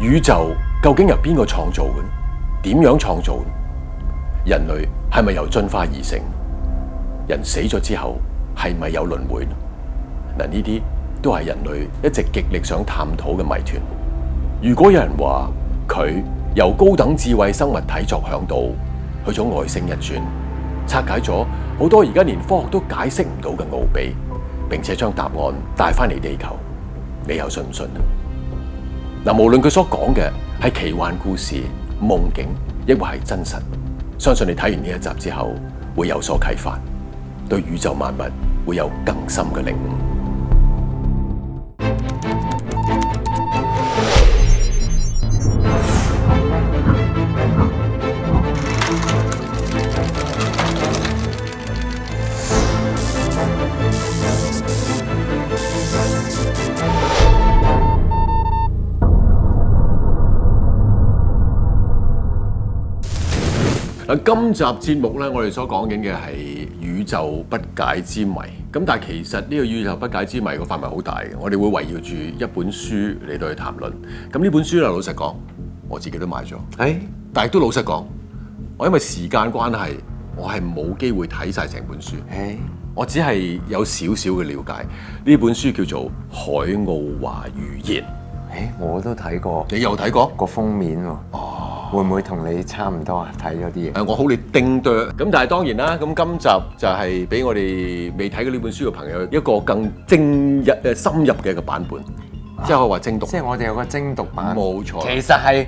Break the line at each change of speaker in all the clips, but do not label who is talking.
宇宙究竟由邊個創造嘅？點樣創造？人類係咪由進化而成？人死咗之後係咪有輪迴？嗱，呢啲都係人類一直極力想探討嘅謎團。如果有人話佢由高等智慧生物體作響度去咗外星一轉，拆解咗好多而家連科學都解釋唔到嘅奧秘，並且將答案帶翻嚟地球，你又信唔信啊？嗱，無論佢所講嘅係奇幻故事、夢境，亦或係真實，相信你睇完呢一集之後，會有所啟發，對宇宙萬物會有更深嘅領悟。今集節目呢，我哋所講緊嘅係宇宙不解之謎。咁但係其實呢個宇宙不解之謎個範圍好大嘅，我哋會圍繞住一本書嚟到去談論。咁呢本書啊，老實講，我自己都買咗。誒、欸，但係都老實講，我因為時間關係，我係冇機會睇晒成本書。誒、欸，我只係有少少嘅了解。呢本書叫做《海奧華預言》。誒、欸，我都睇
過。你又睇過？個封面喎。哦、啊。會唔會同你差唔多啊？睇咗啲嘢？誒，我好
嚟叮啄。咁但係當然啦。咁今集就係俾我哋未睇過呢本書嘅朋友一個更精入誒深入嘅一個版本，即係我話精讀。即係我哋有個精讀版。冇錯。其
實係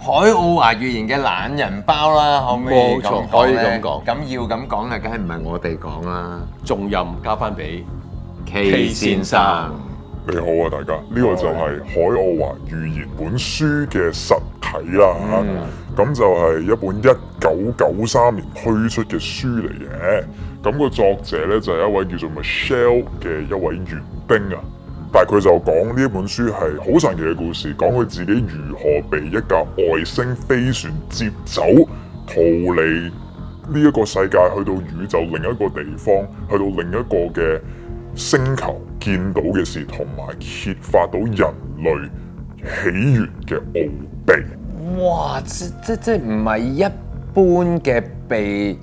海奧華預言嘅懶人包啦。可唔可以？冇錯，可以咁講。咁要咁講咧，梗係唔係我哋講啦？重任交翻俾
K 先生。你好啊，大家，呢、呢個就係《海奧華預言》本書嘅實體啦，咁、嗯啊、就係一本一九九三年推出嘅書嚟嘅。咁、個作者呢，就係、是、一位叫做 Michelle 嘅一位傭兵啊，但係佢就講呢本書係好神奇嘅故事，講佢自己如何被一架外星飛船接走，逃離呢一個世界，去到宇宙另一個地方，去到另一個嘅。星球見到嘅事同埋揭發到人類起源嘅奧秘。
哇！即即即唔係一般嘅
被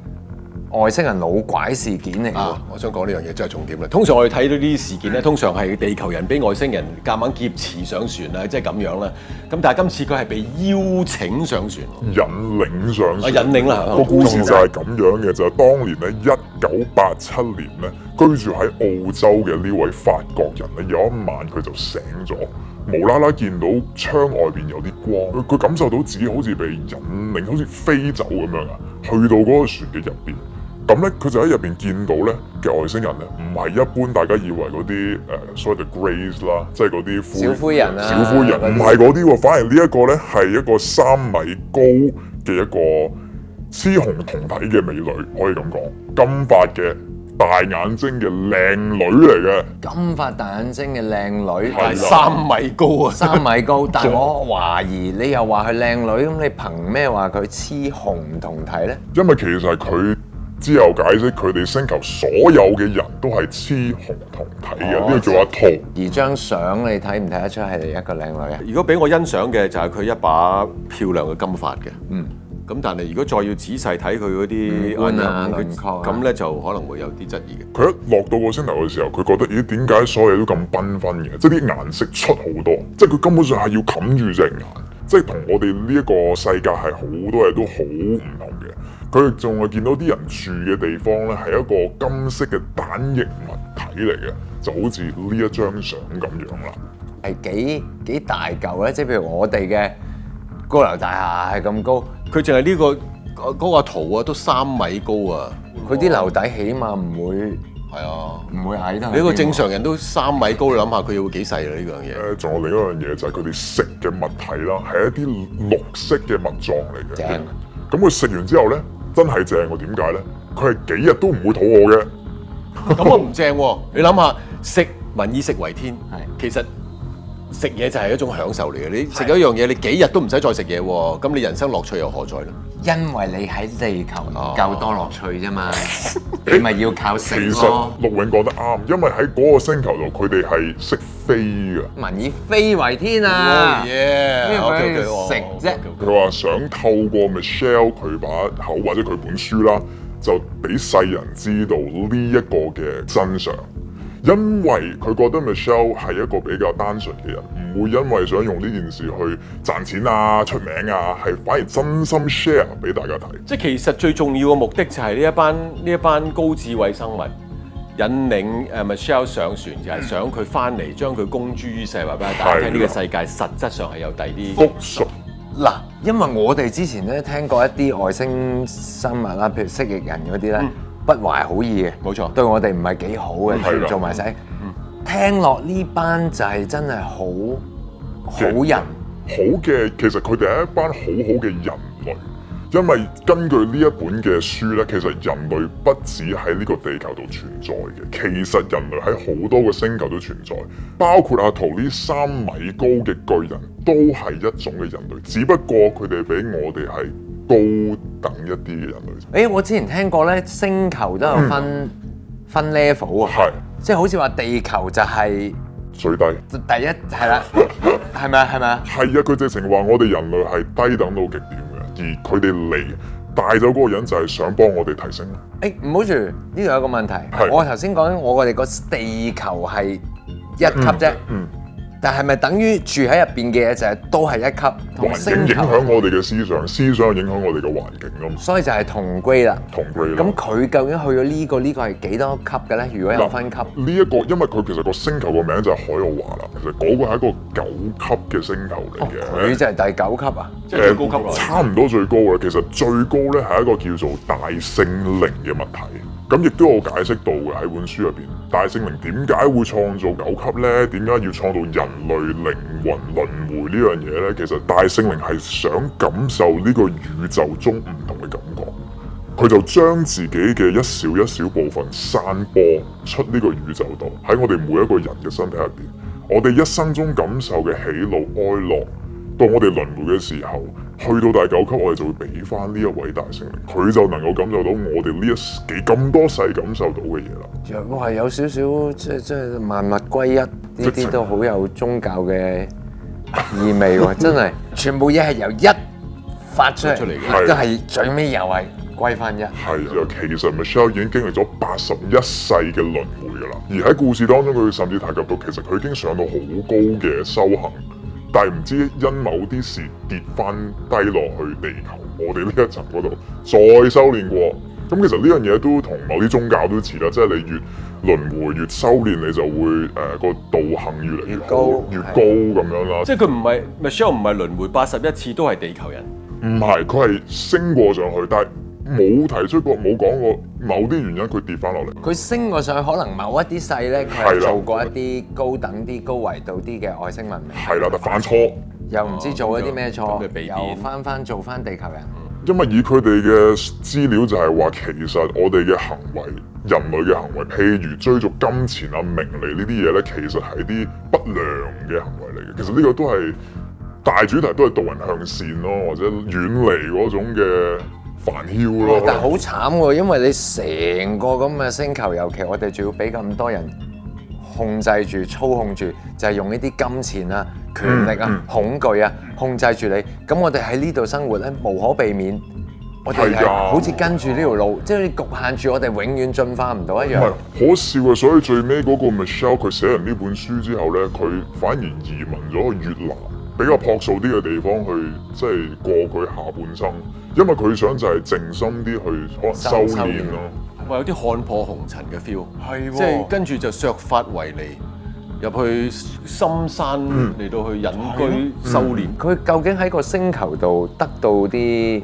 外星人老拐事件嚟。啊，我想講呢樣嘢真係重點啦。通常我哋睇到啲事件咧，嗯、通常係地球人俾外星人夾硬，硬劫持上船啊，即係咁樣啦。咁但係今次佢係被邀請上船，嗯、
引領上船。啊，引領啦，個、嗯、故事就係咁樣嘅，就係、係、當年咧，一九八七年咧。居住喺澳洲嘅呢位法國人咧，有一晚佢就醒咗，無啦啦見到窗外邊有啲光，佢感受到自己好似被引領，好似飛走咁樣啊，去到嗰個船嘅入邊。咁咧，佢就喺入邊見到咧嘅外星人咧，唔係一般大家以為嗰啲誒，所謂嘅 greys 啦，即係嗰啲小灰人啦、小灰人啊，唔係嗰啲，反而呢一個咧係一個三米高嘅一個雌雄同體嘅美女，可以咁講，金髮嘅。大眼睛嘅靚女嚟嘅，
金髮大眼睛嘅靚女，係的是三米
高啊，三米高。 但係我
懷疑你又話佢靚女，咁 你憑咩話佢雌雄同體咧？
因為其實佢之後解釋，佢哋星球所有嘅人都係雌雄同體啊，呢個、哦、做阿童。而張相你睇唔睇得出係你一個靚女啊？如果俾我欣
賞嘅就係佢一把漂亮嘅金髮嘅，嗯。咁但係如果再要仔細睇佢
嗰啲暗影、雲構，咁咧就可能會有啲質疑嘅。佢一落到個星球嘅時候，佢覺得咦點解所有嘢都咁繽紛嘅？即係啲顏色出好多，即係佢根本上係要冚住隻眼，即係同我哋呢一個世界係好多嘢都好唔同嘅。佢仲係見到啲人住嘅地方咧係一個金色嘅蛋形物體嚟嘅，就好似呢一張相咁樣啦。係幾幾大嚿咧？即係譬如
我哋嘅高樓大廈係咁高。佢淨係呢個嗰、嗰個圖啊，都三米高啊！佢啲樓底起碼唔會係啊，唔會矮得。你一個
正常
人都三米高，你諗下佢要幾細啊。呢樣嘢。誒，仲有另一樣嘢就係佢哋食嘅物體啦，係一啲綠色嘅物狀嚟嘅。正。咁佢、嗯、食完之後咧，真係正喎？點解咧？佢係幾日都唔會肚餓嘅。咁我唔正喎、啊。你諗
下，食民以食為天，係的其實。食嘢就係一種享受嚟嘅，你食咗一樣嘢，你幾日都唔使再食嘢喎，咁你人生樂趣又何在咧？因為你喺地球
唔夠多樂
趣啫嘛，
你咪要靠食、啊、其實咯。
陸永講得啱，因為喺嗰個星球度，佢哋係識飛嘅。民以
飛為天啊！咩叫去食啫？
佢話想透過 Michelle 佢把口或者佢本書啦，就俾世人知道呢一個嘅真相。因為佢覺得 Michelle 係一個比較單純嘅人，唔會因為想用呢件事去賺錢啊、出名啊，係反而真心 share 俾大家睇。即係其實最
重要嘅目的就係呢一班呢一班高智慧生物引領誒 Michelle 上船，就係、是、想佢翻嚟將佢公諸於世，話俾大家聽呢個世界實質上係有第啲複
數。嗱，因為我哋之前咧聽過一啲外星生物啦，譬如蜥蜴人嗰啲咧。嗯不懷好意嘅，冇錯，對我哋唔係幾好嘅，做埋聲。聽落呢班就係真係好
人好人，好嘅。其實佢哋係一班好好嘅人類。因為根據呢一本嘅書咧，其實人類不止喺呢個地球度存在嘅，其實人類喺好多個星球都存在，包括阿圖呢三米高嘅巨人都係一種嘅人類，只不過佢哋比我哋係高。等一啲嘅人類。
誒、欸，我之前聽過咧，星球都有分、嗯、分 level 喎、啊。係是，即係好似話地球就係、
是、最
低，第一係啦，係咪 啊？係咪啊？
係啊，佢直情話我哋人類係低等到極點嘅，而佢哋嚟帶走嗰個人就係想幫我哋提升。誒、欸，
唔好住，呢、這、度、個、有一個問題。是我頭先講，我哋個地球係一級啫。嗯。嗯嗯但係咪等於住喺入邊嘅嘢就係都係一級星？環境影響我
哋嘅思想，思想影響我哋嘅環境㗎，
所以就係同歸啦。同歸啦。咁佢究竟去咗，這個這個，呢個呢個係幾多級嘅
咧？如果有分級呢一，這個，因為佢其實個星球個名就係海奧華啦。其實嗰個係一個九級嘅星球嚟嘅。佢，哦，就係第九級啊？嗯，即誒，差唔多最高啦。其實最高咧係一個叫做大聖靈嘅物體。咁亦都有解釋到嘅喺本書入邊，大聖靈點解會創造九級呢？點解要創造人類靈魂輪迴呢樣嘢呢？其實大聖靈係想感受呢個宇宙中唔同嘅感覺，佢就將自己嘅一小一小部分散播出呢個宇宙度，喺我哋每一個人嘅身體入邊，我哋一生中感受嘅喜怒哀樂。到我哋輪迴嘅時候，去到第九級，我哋就會俾翻呢一位大聖靈，佢就能夠感受到我哋呢一幾咁多世感受到嘅嘢咯。
若果係有少少即係即係萬物歸一呢啲都好有宗教嘅意味喎， 真係的 全部嘢係由一發出出嚟嘅，都係
最尾又係歸翻一。係啊，其實 Michelle 已經經歷咗八十一世嘅輪迴噶啦，而喺故事當中佢甚至提及到，其實佢已經上到好高嘅修行。但係唔知因某啲事跌翻低落去地球，我哋呢一層嗰度再修煉過。咁其實呢樣嘢都同某啲宗教都似啦，即係你越輪迴越修煉，你就會誒個、呃、道行越嚟越高，越高，越高咁的樣啦。即係佢
唔係 Michelle
唔係輪迴八十一次都係地球人，唔係佢係升過上去，但冇提出過，冇講過某啲原因佢跌翻落嚟。
佢升過上去，可能某一啲世咧，佢係做過一啲高等啲、的高維度啲嘅外星文明。
係啦的，就犯錯，
又唔知做一啲咩錯，啊、比又翻翻做翻地球人。嗯、
因為以佢哋嘅資料就係話，其實我哋嘅行為，人類嘅行為，譬如追逐金錢啊、名利呢啲嘢咧，其實係啲不良嘅行為嚟嘅。其實呢個都係大主題，都係導人向善咯，或者遠離嗰種嘅。煩囂咯、啊！但係好
慘喎，因為你成個咁嘅星球，尤其我哋仲要俾咁多人控制住、操控住，就係、是、用呢啲金錢啊、權力啊、嗯、恐懼啊控制住你。咁、嗯、我哋喺呢度生活咧，無可避免，
我哋係好似
跟住呢條路，啊、即係局限住我哋永遠進化唔到一樣。唔係
可笑啊！所以最尾嗰個 Michelle 佢寫完呢本書之後咧，佢反而移民咗越南。比較樸素啲嘅地方去，即係過佢下半生，因為佢想就係靜心啲去可能修練咯、
啊。哇、嗯，有啲看破紅塵嘅 feel、哦、即係
跟住就削髮
為尼，入去深山嚟到去隱居修練。
佢、嗯嗯、究竟喺個星球度得到啲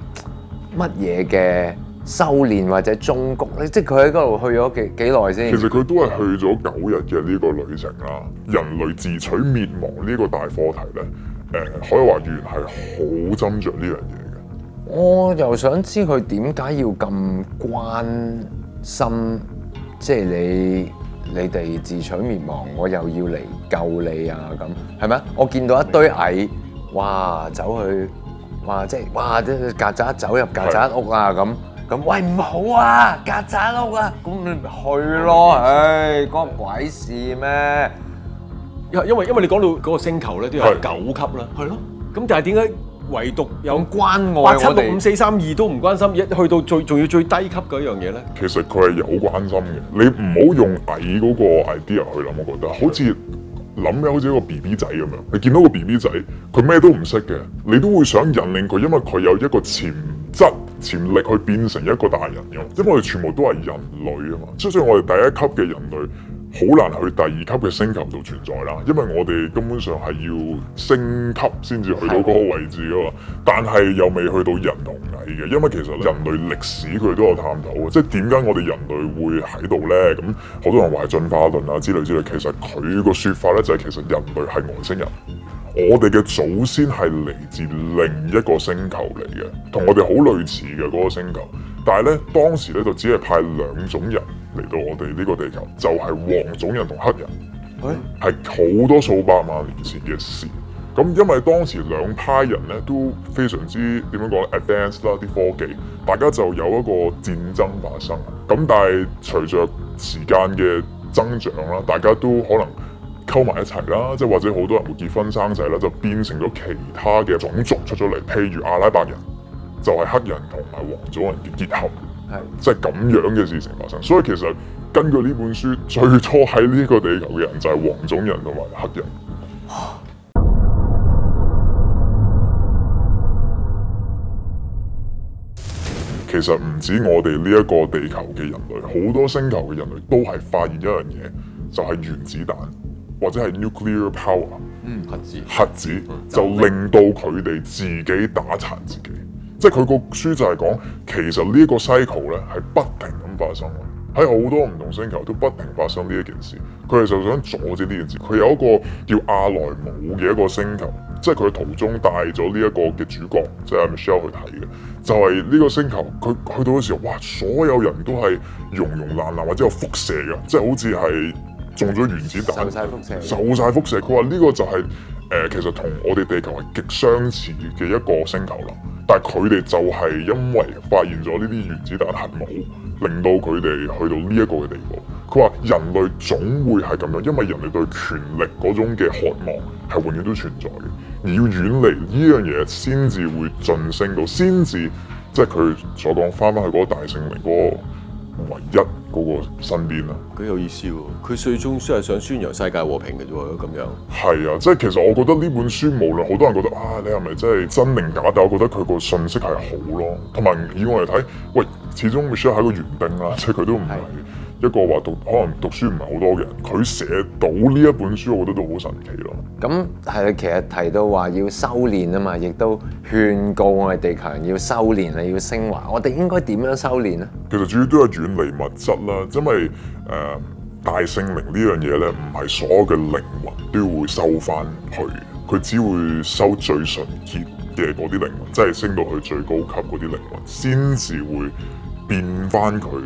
乜嘢嘅修練或者忠告咧？即係佢喺嗰度去咗幾
幾耐先？其實佢都係去咗九日嘅呢個旅程啊。人類自取滅亡呢個大課題咧。誒可以話語言係好斟酌呢樣嘢嘅。我又想知佢點解要咁
關心，即係你你哋自取滅亡，我又要嚟救你啊？咁係咪？我見到一堆蟻，哇走去，哇即係哇啲曱甴走入曱甴屋啊！咁咁喂唔好啊！曱甴屋啊！咁你咪
去咯，唉、欸，關鬼事咩？因因為因為你講到嗰個星球咧，都有九級啦，係咯的。咁但係點解唯獨有關愛我哋？八七六五四三二都唔關心，一去到最仲要最
低級嗰樣嘢咧？其實佢係有關心嘅。你唔好用矮嗰個 idea 去諗，我覺得好似諗咧好似一個 B B 仔咁樣。你見到個 B B 仔，佢咩都唔識嘅，你都會想引領佢，因為佢有一個潛質、潛力去變成一個大人嘅。因為我哋全部都係人類啊嘛，即使我哋第一級嘅人類。好難去第二級嘅星球度存在啦，因為我哋根本上係要升級先至去到嗰個位置噶嘛。但係又未去到人同蟻，嘅，因為其實人類歷史佢都有探討，即係點解我哋人類會喺度呢？咁好多人話係進化論啊之類之類，其實佢個說法呢就係、是、其實人類係外星人，我哋嘅祖先係嚟自另一個星球嚟嘅，同我哋好類似嘅嗰個星球。但係呢，當時呢就只係派兩種人。嚟到我哋呢個地球，就係黃種人同黑人，係好、啊、多數百萬年前嘅事。咁因為當時兩派人咧都非常之點樣講 advance 啦啲科技，大家就有一個戰爭發生。咁但係隨着時間嘅增長啦，大家都可能溝埋一齊啦，即係或者好多人會結婚生仔啦，就變成咗其他嘅種族出咗嚟，譬如阿拉伯人就係、是、黑人同埋黃種人嘅結合。即係咁樣嘅事情發生，所以其實根據呢本書，最初喺呢個地球嘅人就係黃種人同埋黑人。 其實唔止我哋呢一個地球嘅人類，好多星球嘅人類都係發現一樣嘢，就係原子彈或者係 nuclear power，嗯，核子，核子就令到佢哋自己打殘自己。即係佢個書就係講，其實呢一個 cycle 咧係不停咁發生，喺好多唔同星球都不停發生呢一件事。佢哋就想阻止呢件事。佢有一個叫阿萊姆嘅一個星球，即係佢途中帶咗呢一個嘅主角，即係 Michelle 去睇嘅，就係呢個星球。佢去到嘅時候，哇！所有人都係溶溶爛爛，或者有輻射嘅，即係好似係中咗原子彈，受晒輻射。受晒輻射。佢話呢個就係誒，其實同我哋地球係極相似嘅一個星球啦。但佢哋就係因為發現咗呢啲原子彈核武，令到佢哋去到呢一個嘅地步。佢話人類總會係咁樣，因為人類對權力嗰種嘅渴望係永遠都存在嘅。而要遠離呢樣嘢，先至會晉升到，先至即係佢所講翻翻去嗰個大聖靈嗰唯一嗰個身邊啦，幾有意思喎！佢最終先係想宣揚世界和平嘅啫喎，咁樣。係啊，即係其實我覺得呢本書無論好多人覺得啊，你係咪真係真定假？但我覺得佢個信息係好咯，同埋以我嚟睇，喂，始終 Michel 係個園丁啦，即係佢都唔係。一個話讀可能讀書唔係好多嘅人，佢寫到呢一本書，我覺得都好神奇咯。咁係其實提到話要修煉啊
嘛，亦都勸告我哋地球人要修煉啊，要升華。我哋應該點樣修煉呢？
其實主要都係遠離物質啦，因為誒大聖靈呢樣嘢咧，唔係所有嘅靈魂都會收翻去，佢只會收最純潔嘅嗰啲靈魂，即係升到去最高級嗰啲靈魂，先至會變翻佢。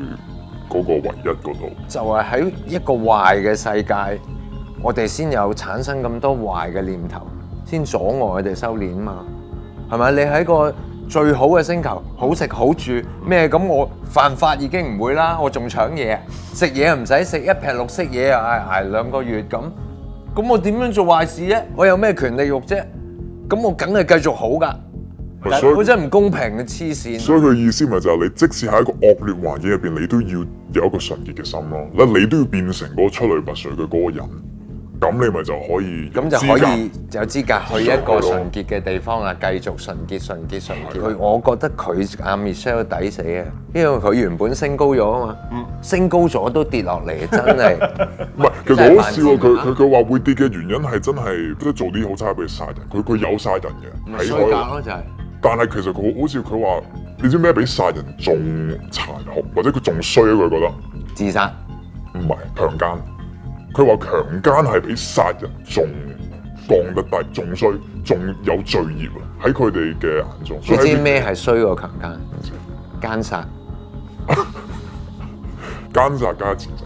嗰個唯一嗰度，就係喺一個壞嘅世界，
我哋先有產生咁多壞嘅念頭，先阻礙我哋修煉嘛。係咪？你喺個最好嘅星球，好食好住咩？咁我犯法已經唔會啦，我仲搶嘢，食嘢又唔使食，一撇綠色嘢又捱捱兩個月咁。咁我點樣做壞事咧？我有咩權力慾啫？咁我梗係繼續好噶。係本身唔公平嘅黐線。所以佢
意思咪就係你即使喺一個惡劣環境入邊，你都要有一個純潔嘅心咯。嗱，你都要變成嗰出類拔萃嘅嗰人。咁你咪就可以。咁就可以有資格去一個純
潔嘅地方啊！繼續純潔、純潔、純潔。佢我覺得佢阿 Michelle 抵死啊，因為佢原本升高咗啊嘛，升高咗都跌落嚟，真
係。唔係，佢好笑。佢佢佢話會跌嘅原因係真係都做啲好差嘅嘢殺人，佢佢有殺人嘅。唔咯，就係。但係其實佢好似佢話，你知咩比殺人仲殘酷，或者佢仲衰咧？佢覺得自殺唔係強姦，佢話強姦係比殺人仲降得低，仲衰，仲有罪孽啊！喺佢哋嘅眼中，你知咩係衰過強姦？奸殺， 奸殺加自殺，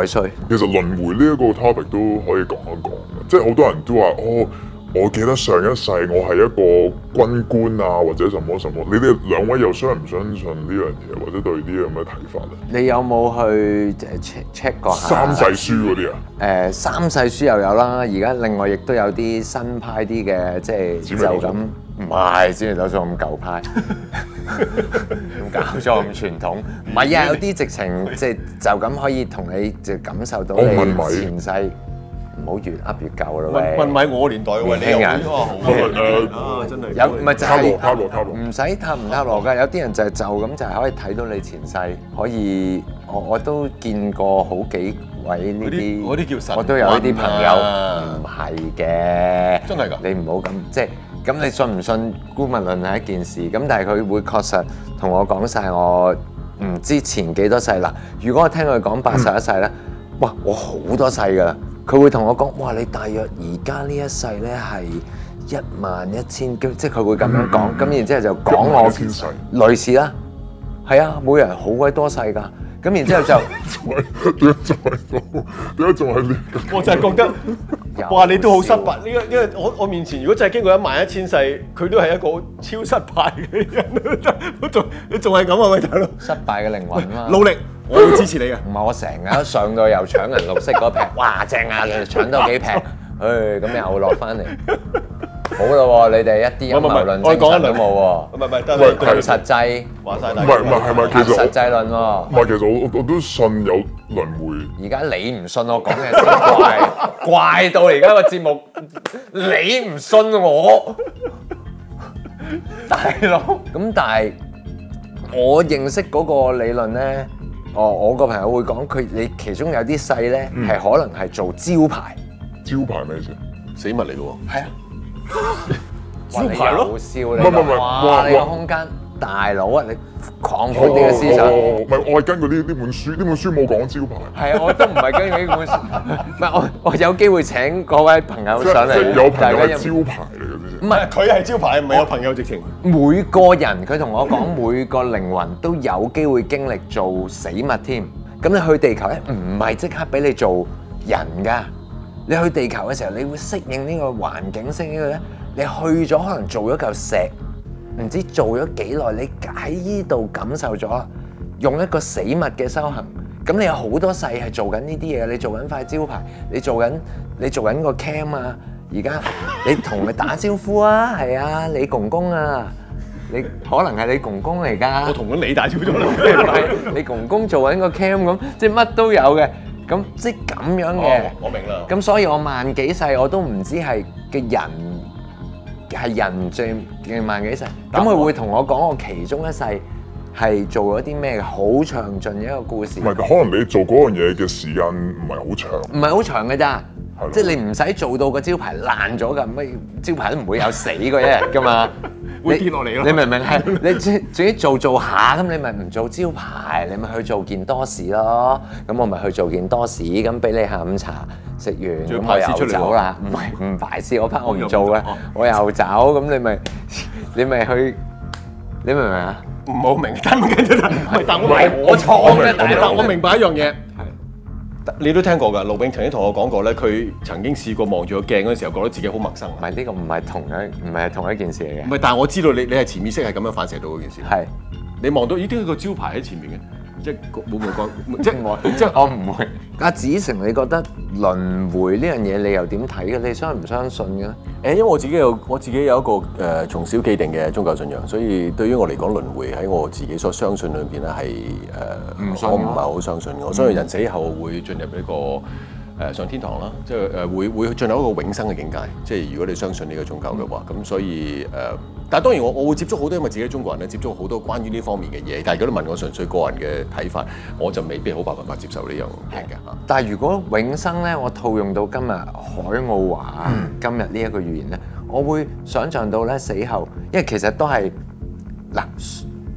再衰。其實輪迴呢一個 topic 都可以講一講，即係好多人都話哦。我記得上一世我係一個軍官啊，或者什麼什麼，你哋兩位又相唔相信呢樣嘢，或者對這這樣呢樣有咩睇法咧？
你有冇去誒 check check 過下三、呃？三世書嗰啲啊？誒三世書又有啦，而家另外亦都有啲新派啲嘅，即係就咁唔係，先至走咗咁舊派，咁舊， 搞咗咁傳統，唔係 啊，有啲直情即係就咁可以同你就感受到你前世。 唔好越噏越舊咯～問問埋我
年代嘅喎，年輕人。古文論啊，真係有唔係就係唔
使塔唔塔羅嘅，有啲人就係就咁就係可以睇到你前世，可以我我都見過好幾位呢啲，嗰啲叫我都有呢啲朋友唔係嘅。真係㗎？你唔好咁即係，咁你信唔信？顧問論係一件事，咁但係佢會確實同我講曬我唔知前幾多世喇。如果我聽佢講八十一世咧，哇！我好多世㗎～佢會同我講：哇！你大約而家呢一世咧係一萬一千幾，即係佢會咁樣講。咁然之後就講我騙誰？類似啦，係啊，每
人好鬼多世
噶。咁然之後就仲係仲係點？仲係
我就係覺得， 哇！你都好失敗。呢個 因為我我面前如果真係經過一萬一千世，佢都係一個超失敗嘅人。 你仲你仲係咁啊？喂，大佬？失
敗嘅靈魂啊，努力。我要支持你嘅，唔係我成日上到又搶人綠色嗰一撇，哇正啊，搶到幾撇，唉咁又落翻嚟，好咯喎，你哋一啲一毛論證都冇喎，唔係唔係，得啦，實際，話曬，唔係唔係，係咪其實實際論喎？唔係
其實我我都信有輪迴。而家
你唔信我講嘅，怪怪到而家個節目，你唔信我，大佬。咁但係我認識嗰個理論咧。哦，我個朋友會講佢，你其中有啲細咧，係可能係做招牌。招牌咩先？死物嚟嘅喎。係啊，招牌咯。唔係唔係，哇！你個空間大佬，啊！你狂放啲嘅思想。
唔係，我係根據呢呢本書，呢本書冇講招牌。
係啊，我都唔係根據呢本書。唔係我，我有機會請各位朋友上嚟。即係有朋友招牌嚟。唔係佢係招牌，唔係我朋友直情。每個人佢同我講，每個靈魂都有機會經歷做死物添。咁你去地球咧，唔係即刻俾你做人噶。你去地球嘅時候，你會適應呢個環境，適應呢個咧。你去咗可能做咗嚿石，唔知做咗幾耐，你喺依度感受咗用一個死物嘅修行。咁你有好多世係做緊呢啲嘢，你做緊塊招牌，你做緊你做緊個 cam 啊。而家你同佢打招呼啊，係啊，你公公啊，你可能係你公公嚟㗎。我同緊你打招呼啦，你公公做緊個 cam 咁，即係乜都有嘅，咁即係咁樣嘅。我明啦。咁所以我萬幾世我都唔知係嘅人係人最嘅萬幾世，咁佢會同我講我其中一世係做咗啲咩
嘅好詳盡嘅一個故事。唔係，可能你做嗰樣嘢嘅時間唔係好長。唔
係好長㗎咋。即係你唔使做到個招牌爛咗㗎，咩招牌都唔會有死過一日㗎嘛。會跌落嚟咯。你明唔明係你，自己做做下，咁你咪唔做招牌，你咪去做件多士咯。咁我咪去做件多士，咁俾你下午茶食完，咁我又走啦。唔係唔排泄，我批我唔做嘅，我又走。咁你
咪你咪去，你明唔明啊？唔好明，等緊等，唔係我錯嘅。但我明白一樣嘢。你都聽過㗎，陸永曾經同我講過咧，佢曾經試過望住個鏡嗰陣時候，覺得自己好陌生。唔係呢個唔係同一，唔係同一件事嚟嘅。唔係，但係我知道你你係潛意識係咁樣反射到嗰件事。係是，你望到已經係個招牌喺前面嘅。即係冇唔覺，即係我，即係我唔會。阿子誠，你覺得輪迴呢樣嘢，你又點睇嘅？你相唔相信嘅咧？誒，因為我自己有，我自己有一個誒，從小既定嘅宗教信仰，所以對於我嚟講，輪迴喺我自己所相信裏邊咧，係誒，我唔係好相信嘅。我相信人死後會進入呢個。誒、呃、上天堂啦，即係誒、呃、會會進入一個永生嘅境界，即係如果你相信呢個宗教嘅話，咁、嗯、所以誒、呃，但係當然我我會接觸好多，因為自己中國人咧，接觸好多關於呢方面嘅嘢，但係如果你問我純粹個人嘅睇法，我就未必好辦法接受呢樣嘅。但係如果永生咧，我
套用到今日海奧華今日呢一個預言咧，嗯、我會想像到咧，死後，因為其實都係嗱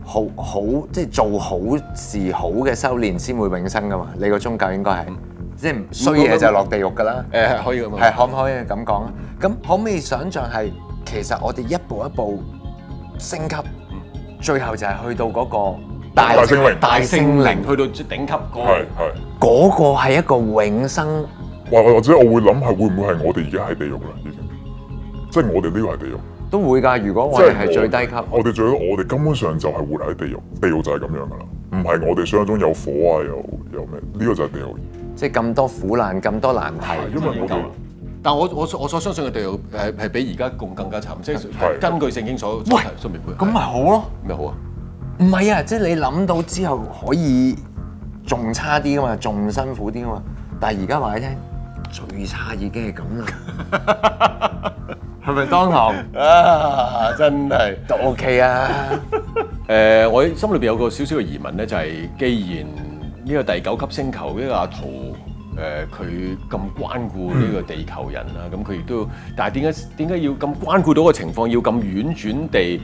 好好即係、就是、做好事好嘅修煉先會永生㗎嘛，你個宗教應該係。嗯即係衰嘢就係落地獄㗎啦，誒，可以咁講，係可唔可以咁講啊？咁可唔可以想像係其實我哋一步一步升級，最後就係去到嗰個大大聖靈，大
聖靈去到最頂級嗰個，
嗰個係一個永生，或或或者我會諗係會唔會係我哋而家喺地獄啦？已經，即係我哋呢個係地獄都會㗎。如果我哋係最低級，我哋最我哋根本上就係活喺地獄，地獄就係咁樣㗎啦，唔係我哋想像中有火啊，有有咩呢個就係地獄。即係咁多苦難，咁多難題。如果唔係冇救。
但我我我所相信嘅對象係比而家共更加慘，嗯、即係根據聖經所，所。喂，咁咪好咯？咪好啊？唔係是啊，
啊！即係你諗到之後可以仲差啲㗎嘛，仲辛苦啲㗎嘛。但係而家話你聽最差已經係咁啦，
係咪 當行 啊？真係都 OK 啊？誒， uh, 我心裏邊有個少少嘅疑問咧，就係、是、既然呢個第九級星球呢、這個阿圖。誒，佢咁關顧呢個地球人啦，咁佢亦都，但係點解點解要咁關顧到個情況？要咁婉轉地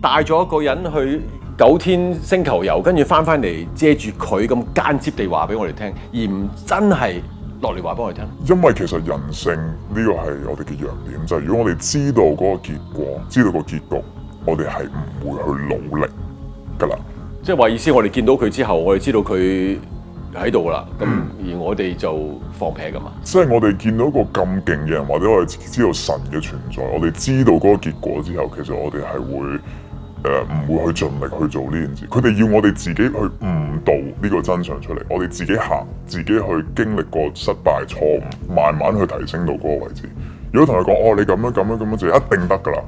帶咗一個人去九天星球遊，跟住翻翻嚟遮住佢，咁間接地話俾我哋聽，而唔真係落嚟話俾我哋聽。
因為其實人性呢個係我哋嘅弱點，就係如果我哋知道嗰個結果，知道個結局，我哋係唔會去努力㗎啦。
即係話意思，我哋見到佢之後，我哋知道佢。喺度啦，咁而 我哋就放屁噶嘛。
即係我哋見到一個咁勁嘅人，或者我哋知道神嘅存在，我哋知道嗰個結果之後，其實我哋係會誒唔、呃、會去盡力去做呢件事。佢哋要我哋自己去悟道呢個真相出嚟，我哋自己行，自己去經歷過失敗、錯誤，慢慢去提升到嗰個位置。如果同佢講哦，你咁樣、咁樣、咁樣就一定得噶啦。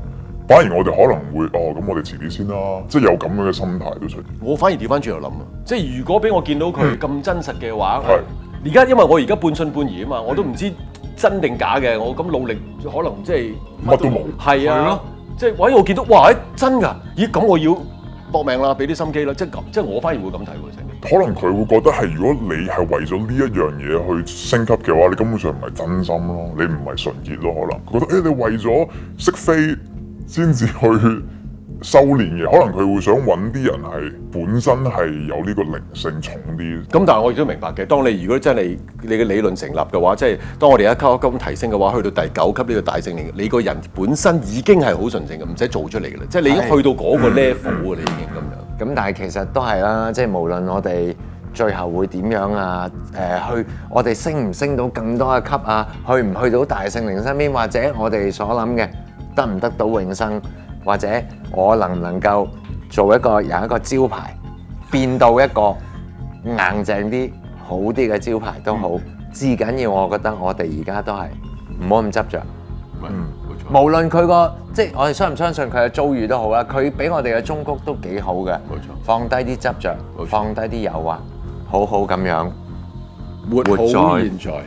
反而我哋可能會哦，咁我哋遲啲先啦，即係有咁樣嘅心態都出現。我反而掉返轉頭諗，
即係如果俾我見到佢咁真實嘅話，係而家因為我而家半信半疑啊嘛，我都唔知真定假嘅。我咁努力，可能即係乜都冇，係啊，啊即係喂，我見到哇，欸、真㗎，咦咁我要搏命啦，俾啲心機啦，即係即係我反而會咁睇
喎，可能佢會覺得係如果你係為咗呢一樣嘢去升級嘅話，你根本上唔係真心咯，你唔係純潔咯，可能覺得誒、欸、你為咗識飛先至去修練嘅，可能佢會想揾啲人係本身係有呢個靈性重啲。咁但係我亦都明白嘅，當你如果真係你嘅理論成立嘅話，即係
當我哋一級一級咁提升嘅話，去到第九級呢個大聖靈，你個人本身已經係好純情嘅，唔使做出嚟嘅啦，即係是你已經去到嗰個 level 啊， 你已經咁樣。咁但係其實都係啦，即係無
論我哋最後會點樣啊，誒、呃、去我哋升唔升到更多一級啊，去唔去到大聖靈身邊，或者我哋所諗嘅。得唔得到永生，或者我能唔能夠做一個有一個招牌，變到一個硬淨啲、好啲嘅招牌都好。至緊要，嗯，我覺得我哋而家都係唔好咁執着。嗯，冇錯。無論佢個即係我哋相唔相信佢嘅遭遇都好啦，佢俾我哋嘅忠告都幾好嘅。冇錯。放低啲執着，冇錯。放低啲誘惑，好好咁樣活好現在。